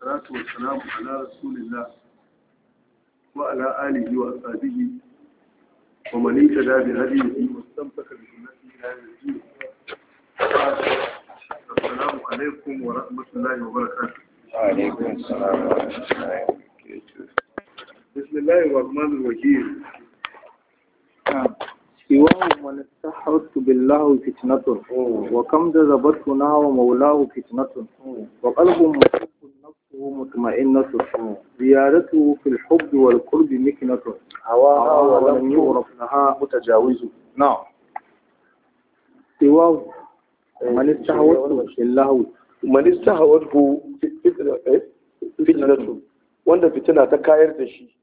salatu wa salamu ala rasulillah wa ala alihi wa asabihi wa manita da bi hadihi wa stamfaka bi sunnati ila yanzu assalamu alaikum wa rahmatullahi wa barakatuh wa alaikum salam wa rahmatullahi wa barakatuh سواه من استحرت بالله فتنة وكم ذا ذبرت ناو مولاه فتنة وقلب مصر مطمئنة زيارته في الحب والقرب مكنة هواها ولم يعرف لها متجاوز نعم سواه من استهوته الله من ta kayar da shi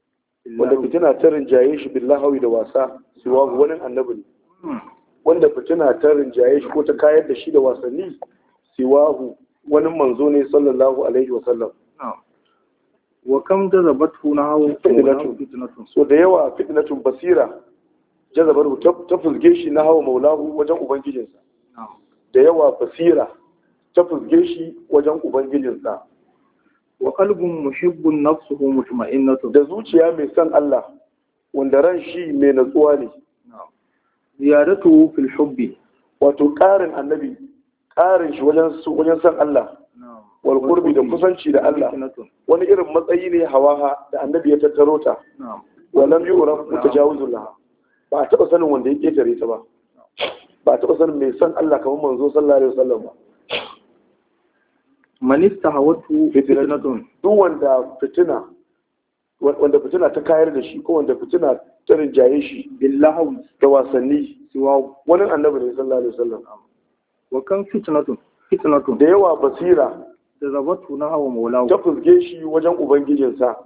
wanda fitina ta rinjaye shi billahawi da wasa siwa wani annabi ne wanda fitina ta rinjaye shi ko ta kayar da shi da wasanni siwahu wani manzo ne sallallahu alaihi wasallam wa kam jazabathu nahu fitnatun so da yawa fitnatun basira jazabaru ta fulge shi na nahu maulahu wajen ubangijinsa da yawa basira ta fulge shi wajen ubangijinsa wa qalbun mushibbun nafsuhu tun. da zuciya mai son Allah wanda ran shi mai natsuwa ne ziyaratu fil hubbi wato ƙarin annabi ƙarin shi wajen son Allah walƙurbi da kusanci da Allah wani irin matsayi ne hawaha da annabi ya tattaro ta wa lam ta jawo laha ba a taɓa sanin wanda ya ƙetare ta ba ba a taɓa sanin mai san Allah kamar manzo sallallahu alaihi wasallam ba manista hawatu fitnatun duk wanda fitina wanda fitina ta kayar da shi ko wanda fitina ta rinjaye shi billahi da wasanni siwa wani annabi ne sallallahu alaihi wasallam wa kan fitnatun fitnatun da yawa basira da zabatu na hawa maulawu ta fuske shi wajen ubangijinsa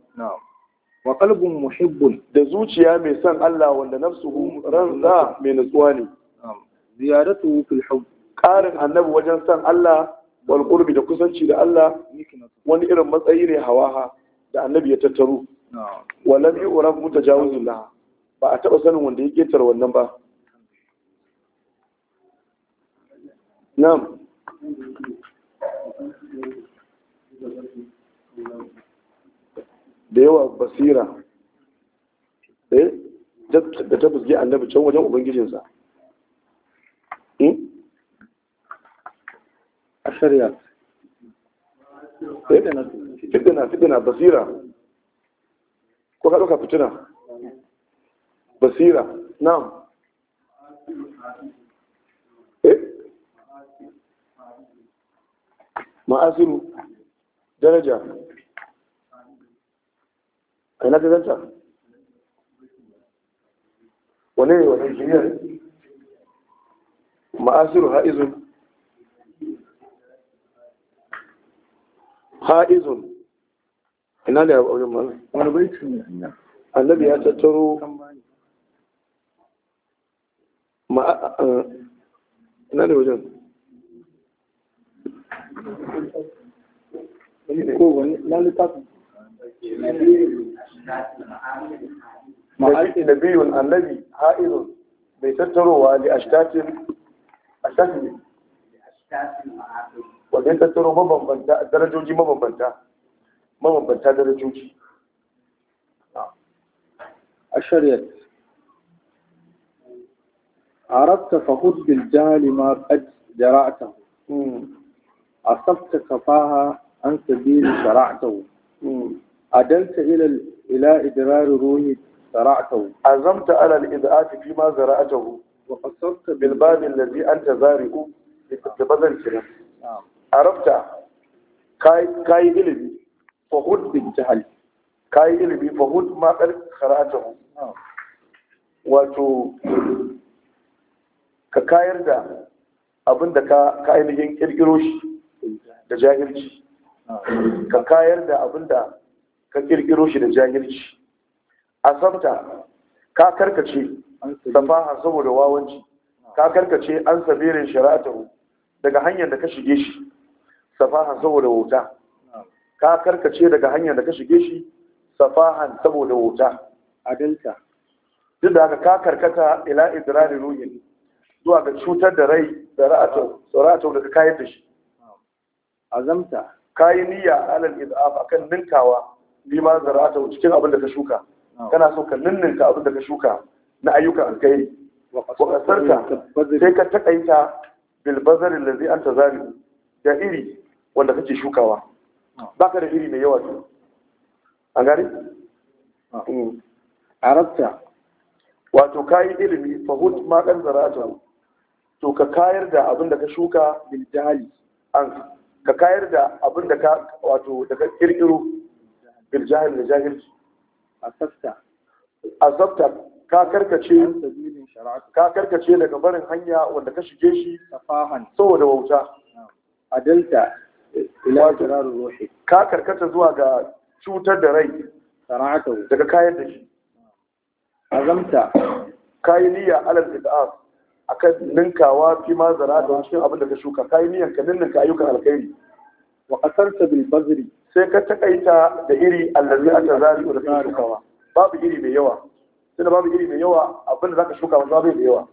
wa qalbun muhibbun da zuciya mai son Allah wanda nafsuhu ranza mai nutsuwa ne ziyaratu fil hub qarin annabi wajen son Allah wal qurbi da kusanci da Allah wani irin matsayi ne hawaha da annabi ya tattaro walam yu'raf mutajawizun laha ba a taba sanin wanda ya tar wannan ba na'am da yawa basira eh, da ta fuske annabi can wajen ubangijinsa hmm? a shari'a eh, fitina fitina basira ko ka ɗauka fitina basira na. ma'asiru daraja a yana gazanta wane ne wane ma'asiru ha'izun ha'izun ina da yawon wajen wani bai annabi ya tattaro eh, ina da wajen na ma'aiki da biyun annabi ha'izun bai tattarowa da ashtatin ashtatin wanda tattaro mabambanta darajoji mabambanta mabambanta darajoji a shari'ar عرفت فخذ بالجهل ما قد أصبت كفاها عن سبيل شرعته أدلت إلى إلى إدرار روحي شرعته عزمت على الإذعاف فيما زرعته وقصرت بالباب الذي أنت زارع ببذل كلام عرفت كاي كاي إلبي فهد بالجهل كاي إلبي فهد ما قلت خرعته wato ka kayar da abin da ka ainihin kirkiro shi da jahilci ka kayar da abin da ka kirkiro shi da jahilci a samta ka karkace safaha saboda wawanci ka karkace an sabirin shari'atahu daga hanyar da ka shige shi safahan saboda wuta ka karkace daga hanyar da ka shige shi safahan saboda wuta adalta duk da haka ka karkata ila idrari ruhin zuwa ga cutar da rai da ra'atau da ka kayar da shi azamta kayi niyya alal idaf akan ninkawa bima zara'ata cikin abin da ka shuka kana so ka ninninka abin da ka shuka na ayyukan alkhairi wa qasarta sai ka takaita bil bazar allazi anta zari da iri wanda kake shukawa baka da iri mai yawa to an gari arabta wato kayi ilimi fahut ma kan zara'ata to ka kayar da abin da ka shuka bil jahili an ka kayar da abin da ka wato da ka kirkiro bil jahil da jahilci asabta asabta ka karkace ka karkace daga barin hanya wanda ka shige shi tafahan saboda wauta adalta ila jarar ruhi ka karkata zuwa ga cutar da rai daga kayar da shi azamta kayi niyya alal id'as akan ninkawa fi ma zara da cikin abin da ka shuka kai niyan ka ninka ayyukan alkhairi wa qasarta bil bazri sai ka takaita da iri allazi aka zari da ka shukawa babu iri mai yawa tunda babu iri mai yawa abin da zaka shuka ba bai da yawa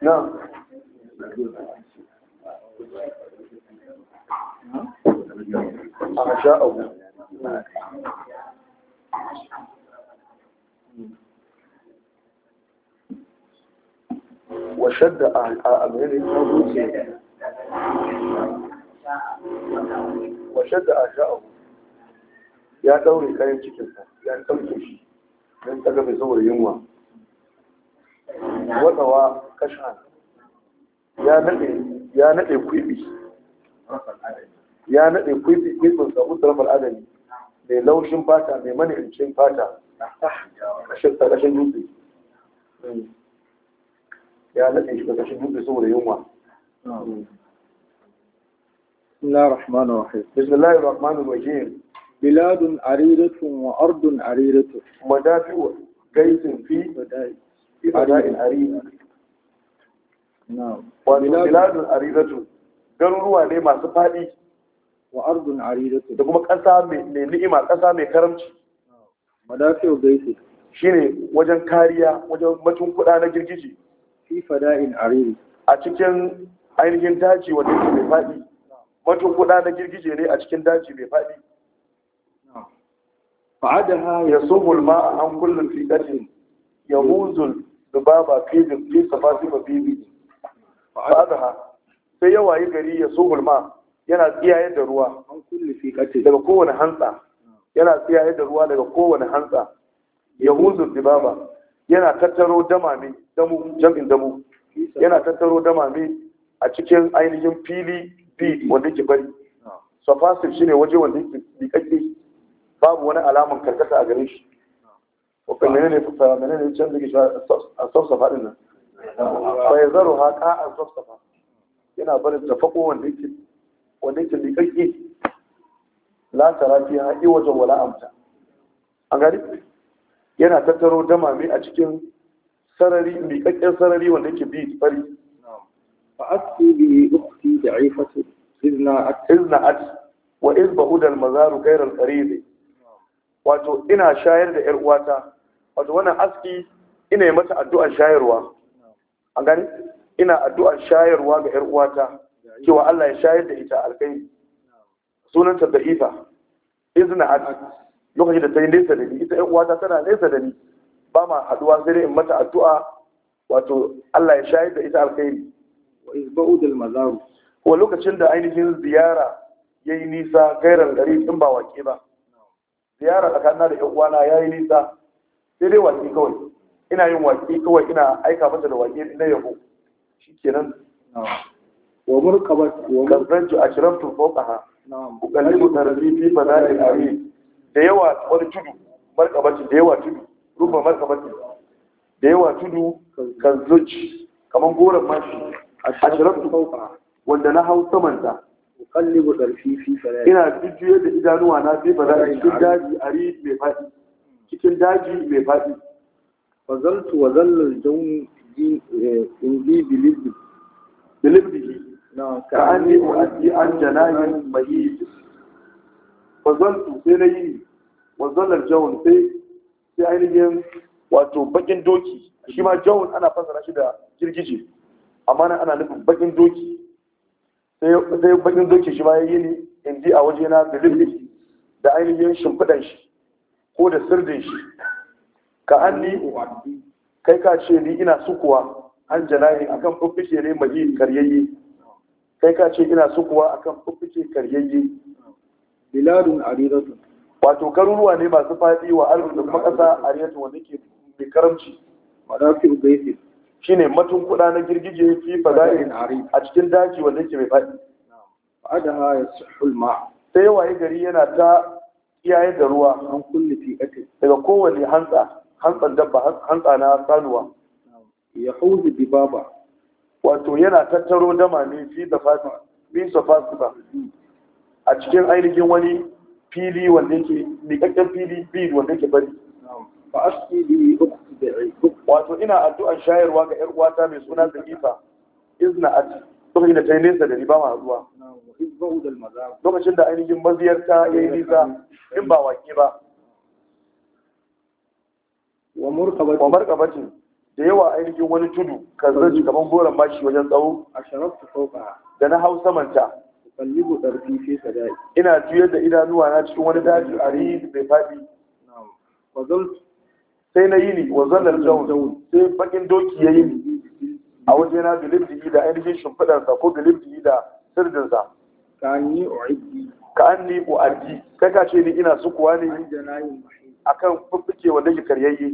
na a sha'awu وشد أمير الحوثي وشد ya daure kayan cikinsa ya ɗauke shi don ta gafe saboda yunwa watsawa kashan ya naɗe kwiɓi ya naɗe kwiɓi kwiɓinsa mai laushin fata mai manicin fata ƙarƙashin dutse hmm. ya naɗe shi ƙarƙashin dutse saboda yunwa bismillahir ar rahim Biladun ariratun wa ardun ariratun. Madafi'u gaisin fi bada'in ariratun. Wato biladun ariratun garuruwa ne masu faɗi wa ardun aridatu da kuma ƙasa mai ni'ima ƙasa mai karamci madafi'u baiti shine wajen kariya wajen matun kuɗa na girgiji fi fada'in ariri a cikin ainihin daji wanda yake mai faɗi matun kuɗa na girgije ne a cikin daji mai faɗi fa'adaha gulma a an kullum fi qatl yamuzul dubaba fi fi ba bibi fa'adaha sai yawayi gari ya so gulma. yana tsiyaye da ruwa daga kowane hantsa yana tsiyaye da ruwa daga kowane hantsa huzu dibaba yana tattaro damami damu jam'in damu yana tattaro damame a cikin ainihin fili bi wanda ke bari shi shine waje wanda yake likakke babu wani alaman karkata a gare shi wakil ne ne fasa ne ne can da shi a sofsafa din nan bai zaro ha a sofsafa yana barin tafako wanda yake wannan kilikakke la tara ha ha iwaja wala amta an gari yana tattaro damame a cikin sarari miƙaƙƙen sarari wanda yake bi fari fa asu bi ukhti da'ifatu izna at izna at wa iz bahudal mazaru ghayr al qarib wato ina shayar da yar uwata wato wannan aski ina yi mata addu'ar shayarwa an gari ina addu'ar shayarwa ga yar uwata cewa Allah ya shayar da ita alkhairi sunanta da ifa izna at lokacin da ta yi nesa da ni ita 'yan uwata tana nesa da ni ba ma haduwa sai dai in mata addu'a wato Allah ya shayar da ita alkhairi wa izba'u dal mazaru ko lokacin da ainihin ziyara yayi nisa gairar gari din ba wake ba ziyara tsakanin da 'yan uwana yayi nisa sai dai wake kawai ina yin wake kawai ina aika mata da wake na yabo shikenan ومرقبة كفرنت أشرفت فوقها نعم أقلب تربي في فناء العريض ديوة والجدو مرقبة ديوة تدو ربما مرقبة ديوة تدو كالزج كمان قولا ماشي أشرفت فوقها wanda na hau saman kallibu ƙarfi fi ina jujjuye da idanuwa na fi fara cikin daji daji mai faɗi fazaltu wa in bi ka an yi mu'addi an janayin mai wazantu sai na yi wazanar jawon sai sai ainihin wato bakin doki shi ma jawon ana fasara shi da girgije amma nan ana nufin bakin doki sai bakin doki shi ma ya yi ne in a waje na bilibili da ainihin shimfiɗan shi ko da sirdin shi ka an ni kai ka ce ni ina sukuwa an janayi akan fuffishe ne mai karyayye sai ka ce ina kuwa akan fuffuce karyayye biladun aridatu wato garuruwa ne masu faɗi wa arzikin makasa ariyatu wanda ke mai karamci madafi ne shine matun kuɗa na girgije fi fadain a cikin daji wanda ke mai faɗi adaha yasihul ma sai waye gari yana ta iyaye da ruwa an kulli daga kowane hantsa hantsan dabba hantsa na sanuwa yahuzu bibaba wato yana tattaro dama ne fi da fasa fi a cikin ainihin wani fili wanda yake likakken fili bi wanda yake bari wato ina addu'an shayarwa ga yar uwata mai suna Zaifa izna at da ta yi nesa da riba ma zuwa. lokacin da ainihin maziyarta ya yi nisa in ba wake ba wa murqabatin da yawa ainihin wani tudu kan zarci kamar goron bashi wajen tsawo a sharafta sauka da na hau samanta kallibu ɗarfi fi sadai ina juyar da idanuwa na cikin wani daji a rihi mai faɗi sai na yi ni wa zallar jawon sai bakin doki ya yi ni a waje na bilibdigi da ainihin shimfiɗarsa ko bilibdigi da sirdinsa ka an ni u'addi ka ni kai ka ce ni ina sukuwa ne akan fiffike wanda ke karyayye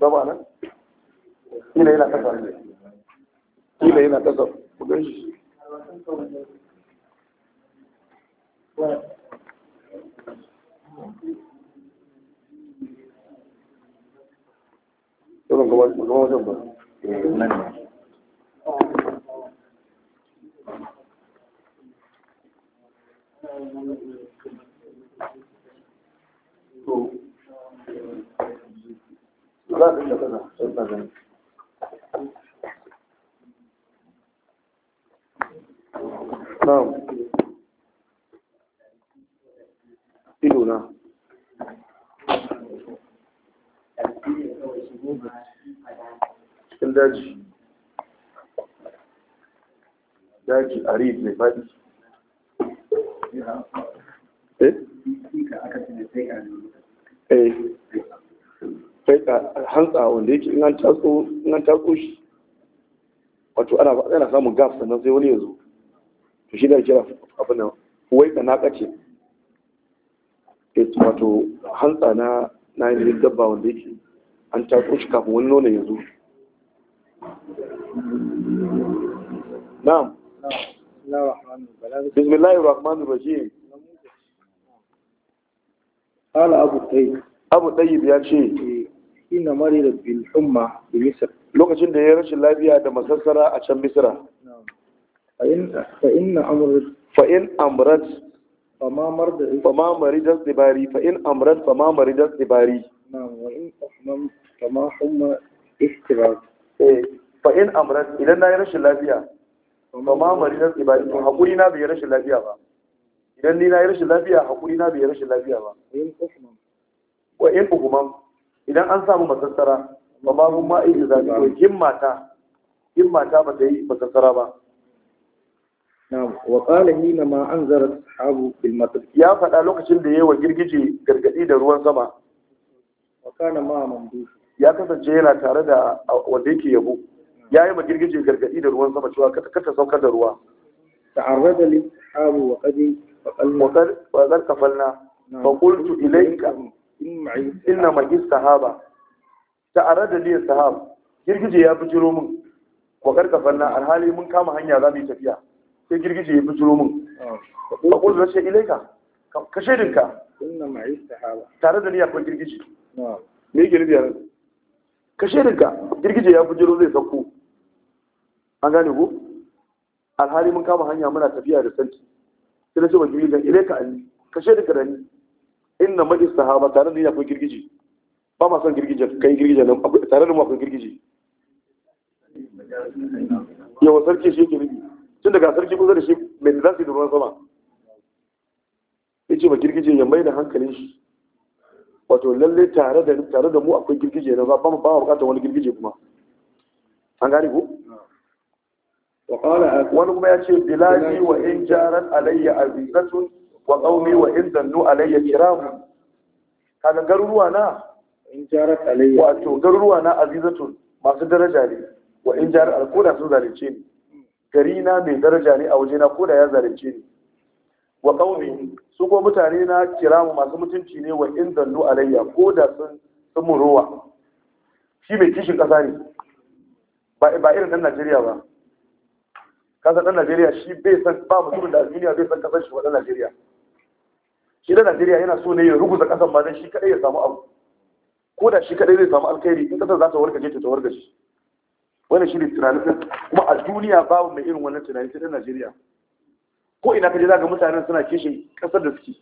gaba nan ila yana kasa ila yana kasa ku gan shi Tolong kawan, kawan macam apa? Nan. So, na'am ido na cikin daji daji a reed mai faɗi eh? eh hantsa wanda yake in an tatso shi wato ana samun gas sannan sai wani ya zo to shi da kira abin nan wai ka naka ce wato hantsa na na yin dabba wanda yake an tatso shi kafin wani nono ya zo na'am bismillahir rahmanir rahim قال أبو الطيب أبو الطيب يا شيخ hina marira bil humma bi misr lokacin da ya rashin lafiya da masassara a can misra fa inna amrat fa in amrat fama marida fama marida dibari fa in amrat fama marida dibari na'am wa in ahmam humma ihtirab eh, fa in amrat idan na yi rashin lafiya fama marida dibari to hakuri na bai rashin lafiya ba idan ni na yi rashin lafiya hakuri na bai rashin lafiya ba wa in ahmam wa in ahmam idan an samu matattara ba ma mun ma'i da zaɓi ko himmata himmata ba ta yi matattara ba na wakala yi na ma zara abu bil ya faɗa lokacin da yi wa girgije gargadi da ruwan sama wa ma ya kasance yana tare da wanda yake yabo ya yi ma girgije gargadi da ruwan sama cewa kata saukar da ruwa ta'arrada li abu wa kaji wa wa zarkafalna fa qultu ilayka inna ma istahaba ta arada liya sahab girgije ya bijiro min ko karkafan na alhali mun kama hanya za mu yi tafiya sai girgije ya bijiro min wa qul rasha ilaika ka shaidinka inna ma istahaba tare da ni akwai girgije me girgije ya ka shaidinka girgije ya bijiro zai sauko an gane ku alhali mun kama hanya muna tafiya da sarki sai na ce wa girgijen ilayka ka shaidinka da ni inna ma istihaba tare da ni akwai girgiji ba ma son girgije kai girgije nan tare da mu akwai girgije yawa sarki shi yake nufi tun daga sarki kusa da shi mai da za su yi ruwan sama ya ce ma girgije ya mai da hankalin shi wato lalle tare da tare da mu akwai girgije nan ba ma ba ma bukatar wani girgije kuma an gane ku wani kuma ya ce bilagi wa in jarar alayya azizatun wa qaumi wa in zannu alayya kiramu kaga garuruwa na in jarat alayya wato garuruwa na azizatun masu daraja ne wa in jarat alkoda sun zalunce ni gari na mai daraja ne a waje na koda ya zalunce ni wa qaumi su ko mutane na kiramu masu mutunci ne wa in zannu alayya koda sun sun murowa shi mai kishin kasa ne ba irin ɗan Najeriya ba kasa dan Najeriya shi bai san ba mutumin da duniya bai san kasar shi wa dan Najeriya shi da najeriya yana so ne ya ruguza kasan ba don shi kadai ya samu abu ko da shi kaɗai zai samu alkhairi in kasar za ta ce ta shi wannan shi ne tunanin kuma a duniya babu mai irin wannan tunanin sai najeriya ko ina kaje za ga mutanen suna kishin kasar da suke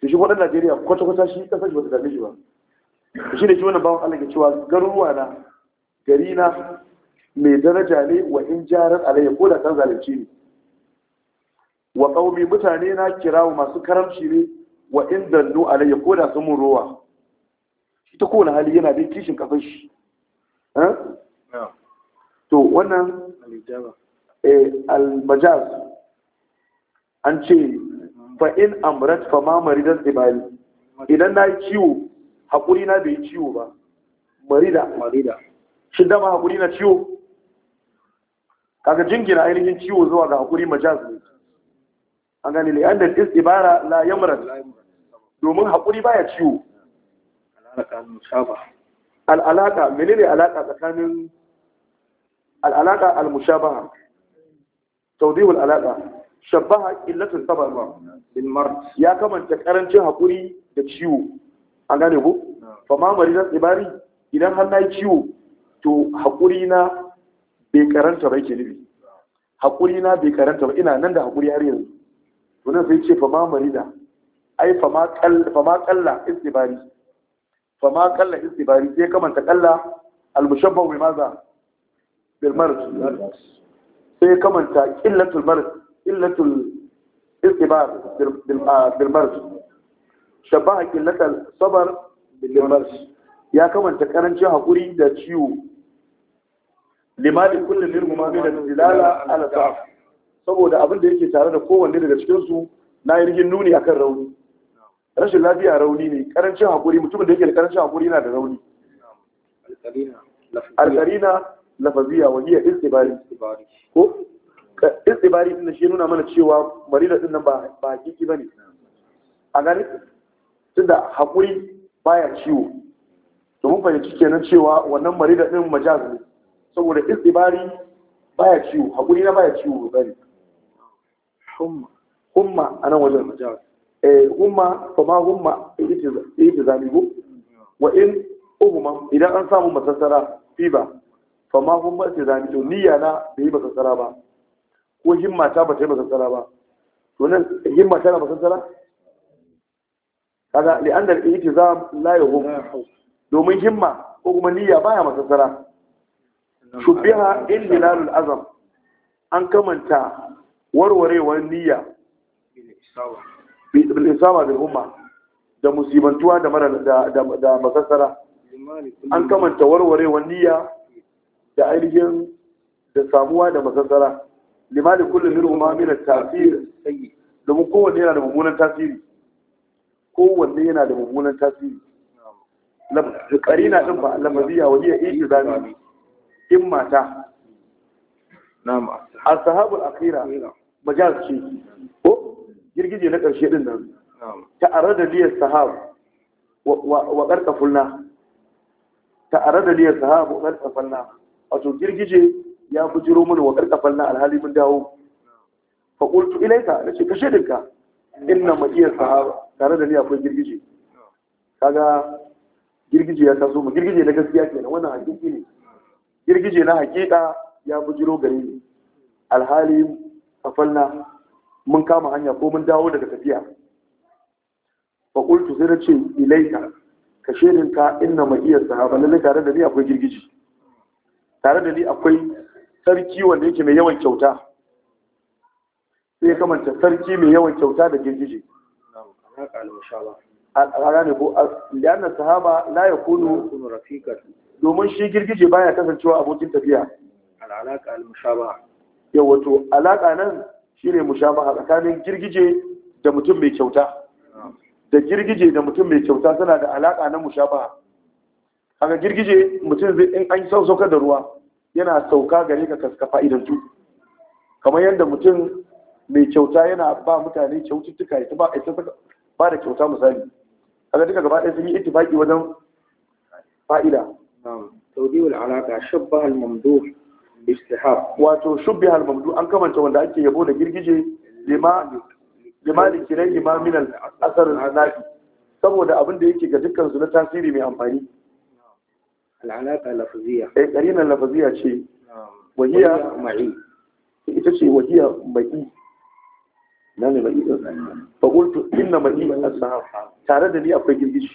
to shi wadan najeriya kwata-kwata shi kasar shi ba ta dame shi ba shi ne shi wannan bawan allah ke cewa garuruwa na gari na mai daraja ne wa in jarar alayya ko da kan zalunci ne wa ƙaumi mutane na kirawo masu karamci ne wa in dannu alayya ko da sun ruwa. Ita ta kowane hali yana bin kishin kafin shi eh? to wannan eh, al-majaz an ce fa in fa ma maridan ibali idan na yi ciwo haƙuri na bai ciwo ba marida marida shi dama haƙuri na ciwo kaga jingina ainihin ciwo zuwa ga haƙuri majaz ne an gani liyan da is ibara la yamran domin haƙuri baya ciwo al'alaka menene alaka tsakanin al'alaka al-mushabaha tawdihul alaka shabaha illatul sabar bil mar ya kamanta karancin haƙuri da ciwo an gani ko fa ma maridan ibari idan har nayi ciwo to haƙuri na bai karanta ba yake nufi haƙuri na bai karanta ba ina nan da haƙuri har yanzu Wani sai ce fama marida ai fama kalla istibari fama kalla istibari sai kamanta kalla almushabbahu bi maza bil marj sai kamanta illatul marj illatul istibar bil marj shabaha illatul Sabar, bil ya kamanta karancin haƙuri da ciwo limali kullum min mumamin da zilala ala sa'af saboda abin da yake tare da kowanne daga cikinsu na yin nuni akan rauni rashin lafiya rauni ne karancin haƙuri mutumin da yake da karancin hakuri yana da rauni alkarina lafaziya wa hiya istibari ko istibari din shi nuna mana cewa marina din nan ba ba ne. bane a gani tunda hakuri baya ciwo to mun fahimci kenan cewa wannan marina din majaz ne saboda istibari baya ciwo hakuri na baya ciwo bane humma a nan wajen eh, humma fa ma humma ita zalibu wa in uhuma idan an samu masassara fi ba fa ma humma yi zalibu niyya na bai yi masassara ba ko himma ta ba ta yi masassara ba to nan himma tana masassara kaga li'andar ihtizam la yahum domin himma ko kuma niyya baya masassara shubbiha in hilalul azam an kamanta warwarewar niyya bil isama bil umma da musibantuwa da mara da masassara an kamanta warwarewar niyya da ainihin da samuwa da masassara limanin kullum min umma min tasiri. tasir domin kowanne yana da mummunan tasiri kowanne yana da mummunan tasiri na ɗin ba wani ya hiya ijzami in mata A sahabar akira majaz ce ko girgije na ƙarshe din nan ta arada liyar sahab wa ƙarƙa fulna ta arada liyar sahab wa ƙarƙa wato girgije ya bujiro mana wa ƙarƙa alhali mun dawo fa qultu ilayka nace kashe dinka inna ma'iyar sahab tare da ni akwai girgije kaga girgije ya taso mu girgije na gaskiya kenan wannan hakiki ne girgije na hakika ya bujiro gare ni alhali A falla mun kama hanya ko mun dawo daga tafiya fa qultu zai ce, ilaika ka shirinka inna ma iya sahaba lalle tare da ni akwai girgiji tare da ni akwai sarki wanda yake mai yawan kyauta sai ya kamanta sarki mai yawan kyauta da girgije a ko sahaba la ya kunu domin shi girgije baya kasancewa abokin tafiya al'alaka al yau wato alaƙa nan shi ne a tsakanin girgije da mutum mai kyauta da girgije da mutum mai kyauta suna da alaƙa na a haka girgije mutum zai in an sauka da ruwa yana sauka gare ka kaska fa'idantu kamar yadda mutum mai kyauta yana ba mutane kyaututtuka ya ba ba da kyauta misali ga duka gaba ɗaya sun yi ittifaqi wajen fa'ida shabba al istihab wato shubha al-mamdu an kamanta wanda ake yabo da girgije lima lima likirai lima min al-asar al-hanafi saboda abin da yake ga dukkan su na tasiri mai amfani al-alaqa lafziya eh karina lafziya ce wahiya ma'i ita ce wahiya ma'i nan ne ma'i fa qultu inna ma'i al tare da ni akwai girgije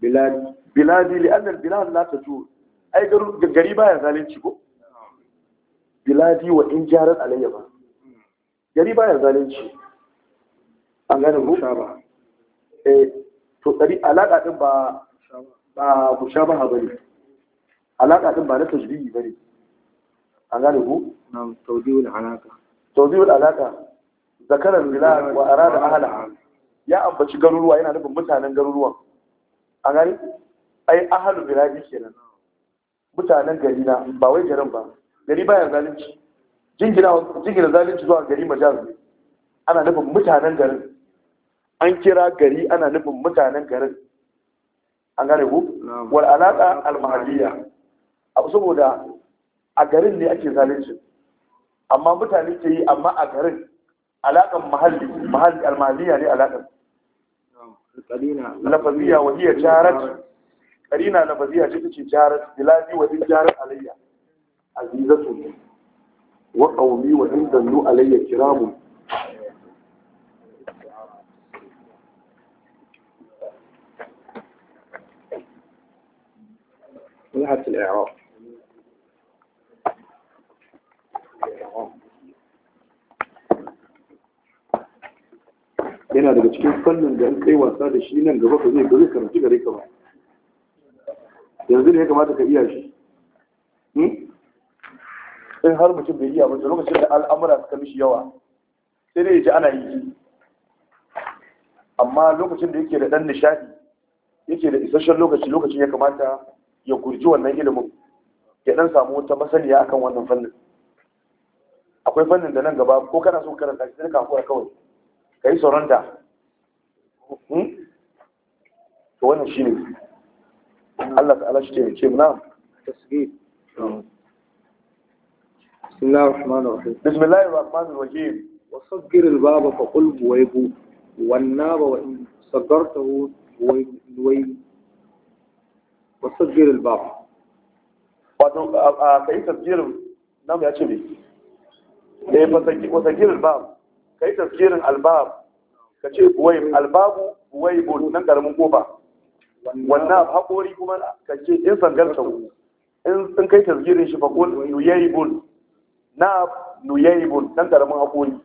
biladi biladi li'anna al-bilad la tajur ai gari baya zalunci ko biladi wa in jarar alayya ba gari baya zalunci an gane ku eh to dari alaka din ba ba mushabaha bane alaka din ba na tashbihi bane an gane ku na tawdiul alaka tawdiul alaka zakarar bilad wa arada ahla ya ambaci garuruwa yana nufin mutanen garuruwa A gani? ai ahalu biladi kenan mutanen gari na ba wai garin ba gari baya zalunci jingina zalunci zuwa gari majaz ana nufin mutanen garin an kira gari ana nufin mutanen garin an gane ku wal alaka al mahalliya abu saboda a garin ne ake zalunci amma mutane ke yi amma a garin alakan mahalli mahalli al mahalliya ne alakan lafaziyya wa hiya jarat karina na baziya ce take jarar biladi wa in jarar alayya azizatu wa qawmi wa in danu alayya kiramu الإعراب yana daga cikin fannin da an kai wasa da shi nan gaba ba zai gari ka ba yanzu ne ya kamata ka iya shi hmm? in har mutum bai iya mutu lokacin da al'amura suka mishi yawa sai dai ya ji ana yi amma lokacin da yake da ɗan nishadi yake da isasshen lokaci lokacin ya kamata ya gurji wannan ilimin ya ɗan samu wata masaniya akan wannan fannin akwai fannin da nan gaba ko kana so karanta shi sai ka kawai ka yi sauranta. Hmm? to wannan ne. Allah ta'ala shi taimake mu na'am tasbih بسم الله الرحمن الرحيم بسم الله الرحمن الرحيم وصغر الباب فقل بويب والناب وإن صغرته بويب وصغر الباب wato ka yi tafsirin nan ya ce ne eh wasagir albab ka yi tafsirin albab ka ce buwaib albabu buwaibun nan wannan haƙori kuma ka ce in sangar ta in kai tasgirin shi faƙon nuyayi bul na nuyayi bul nan karamin haƙori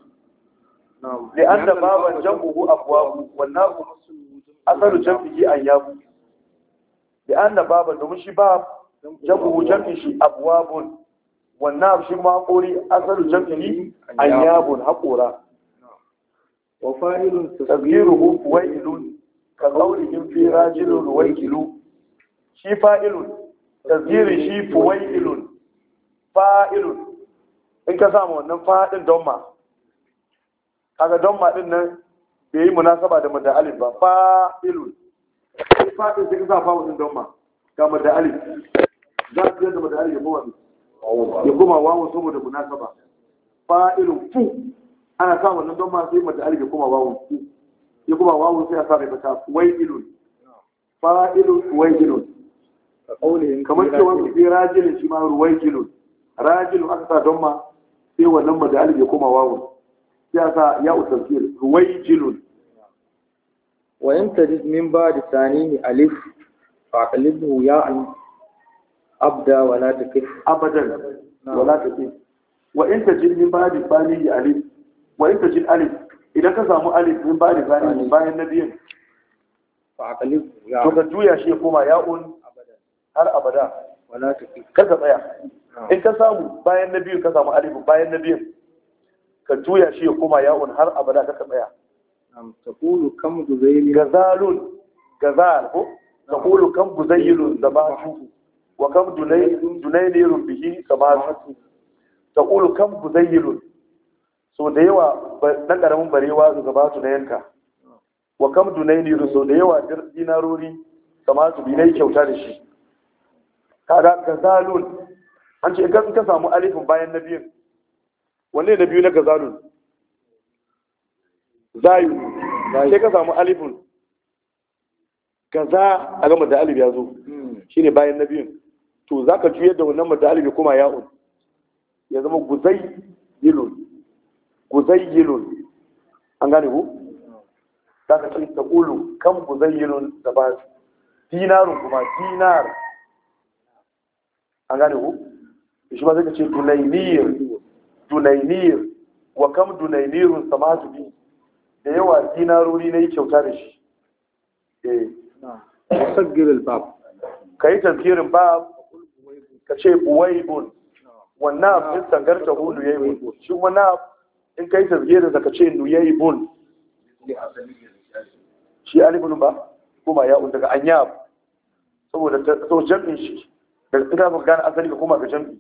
ne an da baban jan buhu abuwa bu wannan asalin jan fiye an ya bu da an da baban domin shi ba jan buhu jan fi shi abuwa bul wannan abu shi ma haƙori asalu jan fiye an ya bul haƙora wa fa'ilun tasgirin hukuwa ilun ka zaurihin fi rajilun waikilu shi fa'ilun tasgirin shi fuwailun fa'ilun in ka samu wannan fa'adin don kaga don din nan bai yi munasaba da mada alif ba fa'ilun fa'il sai ka sa fa'u din don ga mada alif za su yadda mada alif yabo wani ya kuma wawo saboda munasaba fa'ilun fu ana sa wannan don sai mada alif ya kuma wawo ya kuma wawu sai a sa mai mata wailun fa'ilun wailun kamar ce wani sai rajilin shi ma ruwailun rajilun aka sa don ma sai wannan ma da alif ya kuma wawu sai a sa ya utarkir ruwailun wa in tajid min ba da tsanini alif faqalibhu ya an abda wala takif abadan wala takif wa in jin min ba da tsanini alif wa in tajid alif idan ka samu alif din ba da ne bayan na biyan to ka juya shi ya ya'un har abada kar ka tsaya in ka samu bayan na biyu ka samu alifin bayan na biyun ka juya shi ya ya'un har abada kar ka tsaya تقول كم ko غزال غزال تقول كم wa kam وكم جنيل به سماحه تقول كم جزيل so da yawa ɗan ƙaramin barewa su ba su na yanka wa kam dunaini da so da yawa dinarori kama su bi na yi kyauta da shi kaga gazalun an ce in ka samu alifin bayan na biyun wanne na biyu na gazalun zayu sai ka samu alifin gaza a gama da alif ya zo hmm. Shi ne bayan na biyun to za ka juyar da wannan madalib kuma ya'un ya zama guzai yilun guzayyilun an gane ku za ka ce ta ulu kan guzayyilun da ba su dinarun kuma dinar an gane ku shi ba zai ka ce dulainiyar dulainiyar wa kam dulainiyarun sama su bi da yawa dinaruri na yi kyauta da shi eh musaggirin bab ka yi tafiyarin bab ka ce buwaibun wannan abin tangarta hudu ya yi shi wannan in kai da zaka ce "Nu yayi bun shi alifin ba kuma ya un daga anya saboda so jam'in shi da tsira ba gane asali ka koma ga jam'i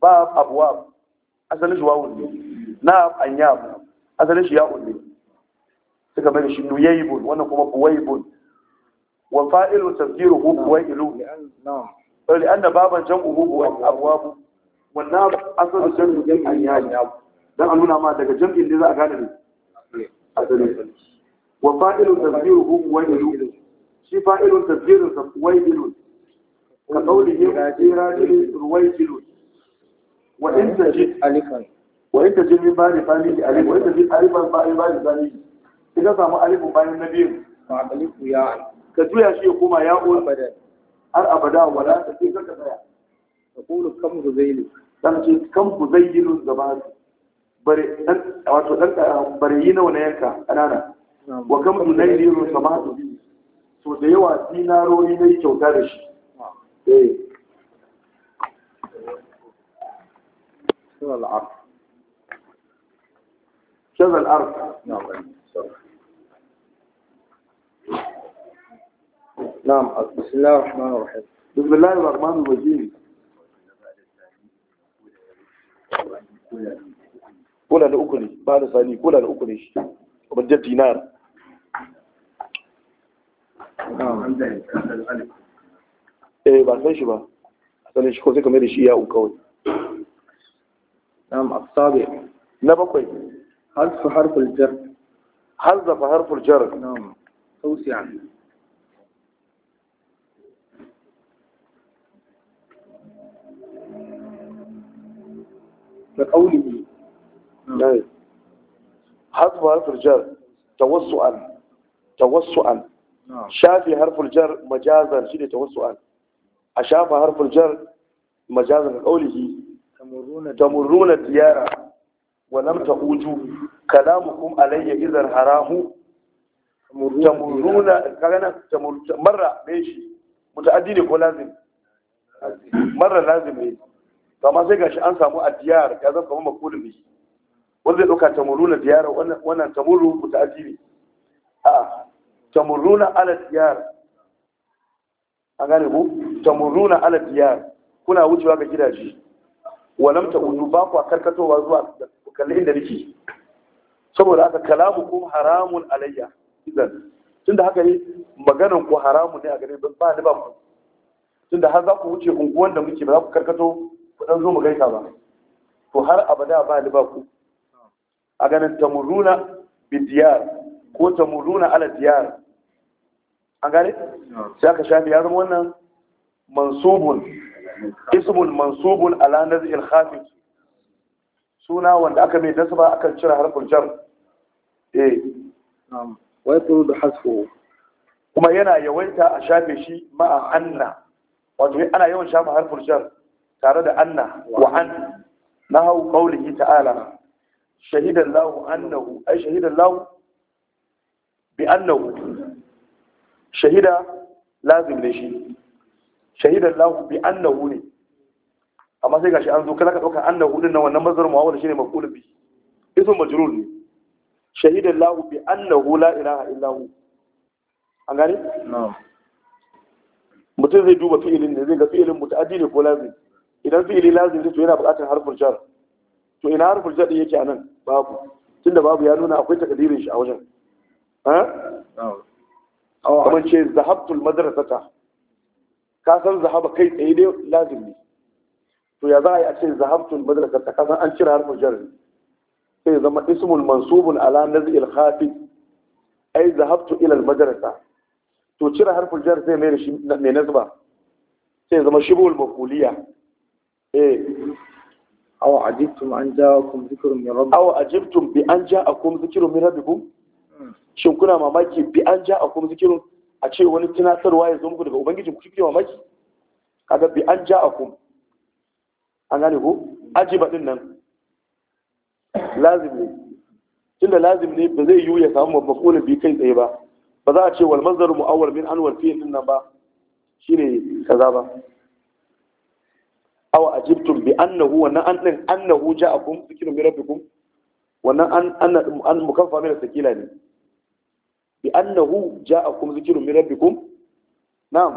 ba abuwa asalin shi wawun ne na anya asalin shi ya ne suka mai shi "Nu yayi bun wannan kuma buwai bun wa fa'ilu tasgiruhu buwai ilu لأن بابا جمعه أبواب والنار أصل جمع anya dan a nuna ma daga jam'in ne za a gane ne asali wa fa'ilun wa wailu shi fa'ilun tasbirun sa wailu ka qawlihi rajulun ruwailu wa in tajid alifan wa in tajid min ba'di fa'lihi alif wa in tajid alifan fa'il ba'di zalihi idan samu alifu bayan nabiyin fa alifu ya ka juya shi ya koma ya abada har abada wala ta ce ka tsaya تقول kam هزيل kam هزيل الزبادي bare dan wato dan bare yi nawa na yanka kanana wa kam tunayru samatu bi so da yawa dinarori ne kyauta da shi eh sura al كذا الأرض نعم نعم بسم الله الرحمن الرحيم بسم الله الرحمن الرحيم Kula da uku ne ba da sani kula da uku ne shi kamar jar dinar eh ba san shi ba sanin shi ko sai kamar da shi ya uku kawai na'am asabi na bakwai hal su harful jar hal zafa harful jar na'am tausiya da kaulihi حذف حرف الجر توسعا توسعا شافي حرف الجر مجازا شيء توسعا اشاف حرف الجر مجازا قوله تمرون الديار ولم تعوجوا كلامكم علي اذا هراه تمرون كان مره ماشي متعدي ne لازم مره لازم ايه فما to ان سامو الديار كذا كما مقول ماشي wanda ɗauka tamuruna diyara wannan tamuru muta'addi ne a tamuruna ala diyar an gane ku tamuruna ala diyar kuna wucewa ga gidaje walam ta udu ba ku karkatowa zuwa kalli inda nake saboda haka kalamu ku haramun alayya idan tunda haka ne maganan ku haramun ne a gare ba ni ba ku tunda har za ku wuce unguwan da muke ba za ku karkato ku dan zo mu gaisa ba to har abada ba ni ba ku a ganin tamuruna bidiyar ko tamuruna ala diyar an gane sai aka shafi ya wannan mansubun ismun mansubun ala nazil khafi suna wanda aka mai nasaba akan cire harfin jar E! Eh. wai turu da hasfu kuma yana yawaita a shafe shi ma'a anna wato ana yawan shafa harfin jar tare da anna wa an na hau kaulihi ta'ala shahidan lahu annahu ai shahidan lahu bi annahu shahida lazim ne shi shahidan lahu bi annahu ne amma sai gashi an zo kana ka dauka annahu din nan wannan mazhar muawwal shine maqul bi ism majrur ne shahidan lahu bi annahu la ilaha illa hu mutum zai duba fi'ilin ne zai ga fi'ilin muta'addi ko lazim idan fi'ili lazim yana buƙatar harfin jar to ina harfin jar yake anan babu tunda babu ya nuna akwai takadirin shi a wajen kamar ce zahabtul madrasata ka san zahaba kai tsaye dai lazimi to ya za a yi a ce zahabtul madrasata ka san an cire harfin jar sai zama ismul mansubun ala nazil khafi ai zahabtu ila al madrasa to cire harfin jar sai mai shi mai nazba sai zama shibul mafuliya eh aw ajibtum an ja'akum dhikrun min rabbikum aw ajibtum bi an ja'akum dhikrun min rabbikum shin kuna mamaki bi an ja'akum dhikrun a ce wani tunatarwa ya zo muku daga ubangiji ku kike mamaki kaga bi an ja'akum an gane ko ajiba din nan lazim ne tunda lazim ne ba zai yiwu ya samu maf'ul bi kai tsaye ba ba za a ce wal mazdaru mu'awwal min anwar fi'il din nan ba shine kaza ba awa ajibtum bi annahu wannan an din annahu ja'akum zikrun min rabbikum wannan an an an mukaffa min sakila ne bi annahu ja'akum zikrun min rabbikum na'am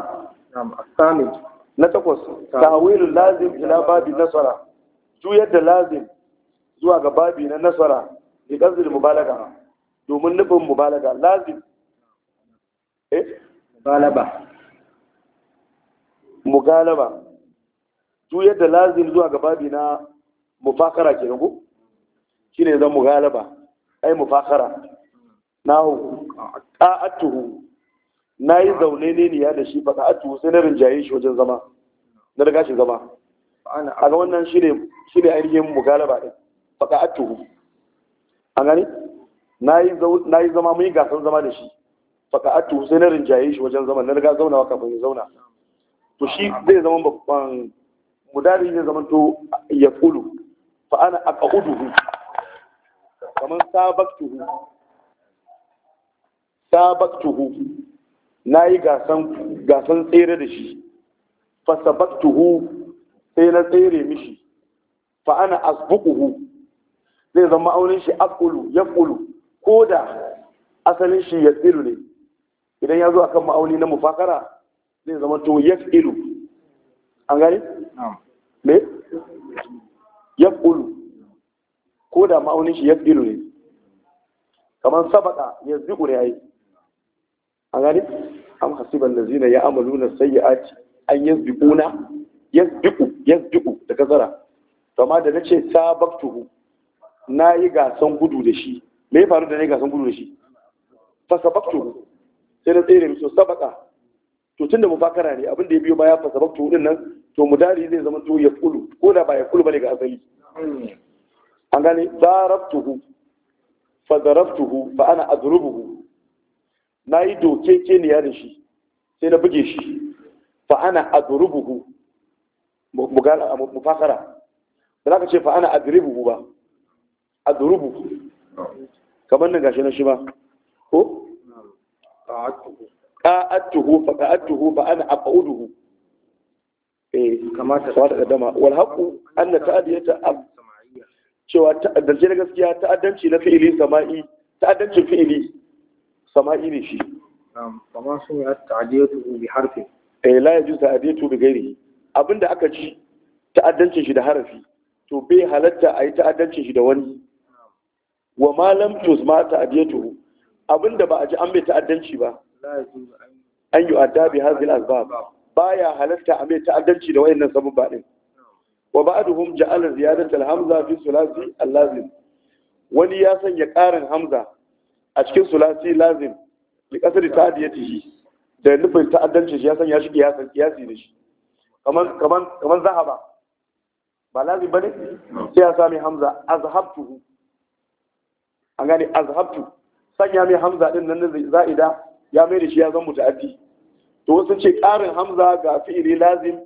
na'am asami na takwas tahwilul lazim ila babi nasara juyar da lazim zuwa ga babi na nasara bi qasdil mubalaga domin nufin mubalaga lazim eh mubalaba mugalaba juyar yadda lazim zuwa ga babi na mufakara ke ko shine zan galaba ai mufakara nahu qa'atuhu nayi zaune ne ne ya da shi faka atu sai na rinjaye shi wajen zama na riga shi zama a ga wannan shine shine ainihin mugalaba din faka atuhu an gani nayi zama mun yi gasan zama da shi faka atu sai na rinjaye shi wajen zama na riga zaunawa kafin ya zauna to shi zai zama babban mudari ne zaman to ya kulu fa ana hu kaman sabaktuhu sabaktuhu nayi gasan gasan tsere da shi fa sabaktuhu sai na tsere mishi fa ana asbuquhu zai zama aunin shi aqulu ko koda asalin shi ya tsiru ne idan ya zo akan ma'auni na mufakara zai zama to ya tsiru an gani? me yaqulu ko da ma'aunin shi yaqilu ne kamar sabaka yanzu ne ai an gani am hasiban lazina na, sayyi'ati an yasbiquna ya yasbiqu da kazara to amma da nace na yi gasan gudu da shi me ya faru da nayi gasan gudu da shi fa sabaqtuhu sai na tsere mishi sabaka to tunda mufakara ne abin da ya biyo baya fa sabaqtuhu din nan to mudari zai zama to ya kulu ko da ba ya kulu bane ga asali an gane zarabtuhu fa zarabtuhu fa ana adrubuhu nayi doke ke ne ya da shi sai na buge shi fa ana adrubuhu mugala mufakara da zaka ce fa ana adrubuhu ba adrubuhu kamar nan gashi na shi ba ko qa'atuhu qa'atuhu fa qa'atuhu fa ana aquduhu Eh, kama ta dama wal haqu cewa ta'addanci na gaskiya ta'addanci na fi'ili sama'i ta'addancin fi'ili sama'i ne shi kama sun ya ta'adiyatu bi harfi eh la yajuz ta'adiyatu bi gairi. abinda aka ci ta'addancin shi da harafi to bai halatta a yi ta'addancin shi da wani wa malam ma ta'adiyatu abinda ba a ji an bai ta'addanci ba an yi adda bi hazil asbab baya halatta a mai ta'addanci da wayannan sababba din wa ba'duhum ja'ala ziyadatal hamza fi sulasi al-lazim wani ya sanya ƙarin hamza a cikin sulasi lazim li qasri ta'diyatihi da nufin ta'addanci ya sanya shi san kiyasi da shi kaman kaman kaman zahaba ba lazim bane sai ya sami hamza azhabtuhu an gane azhabtu sanya mai hamza din nan za'ida ya mai da shi ya zama muta'addi to wasu ce ƙarin hamza ga fi'ili lazim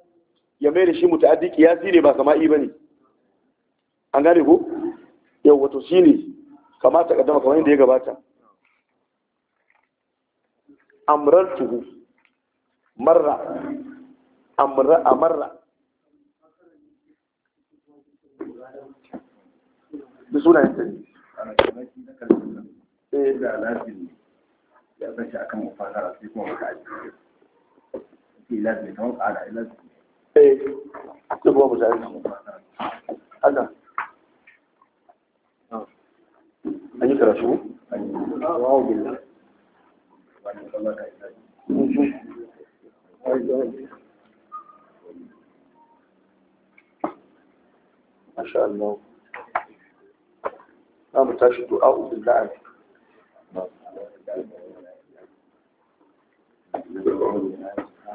ya mai da shi muta'addi kiyasi ne ba sama'i bane an gane ko yau wato shine kamata dama kamar yadda ya gabata tuhu marra amra Marra. da suna ta ne eh. eh, sai kuma في علاج متوقع على علاج ايه تبقى ابو زعيم هذا أن يقرأ شو؟ واو بالله ما شاء الله نعم تاشد دعاء بالله Thank you.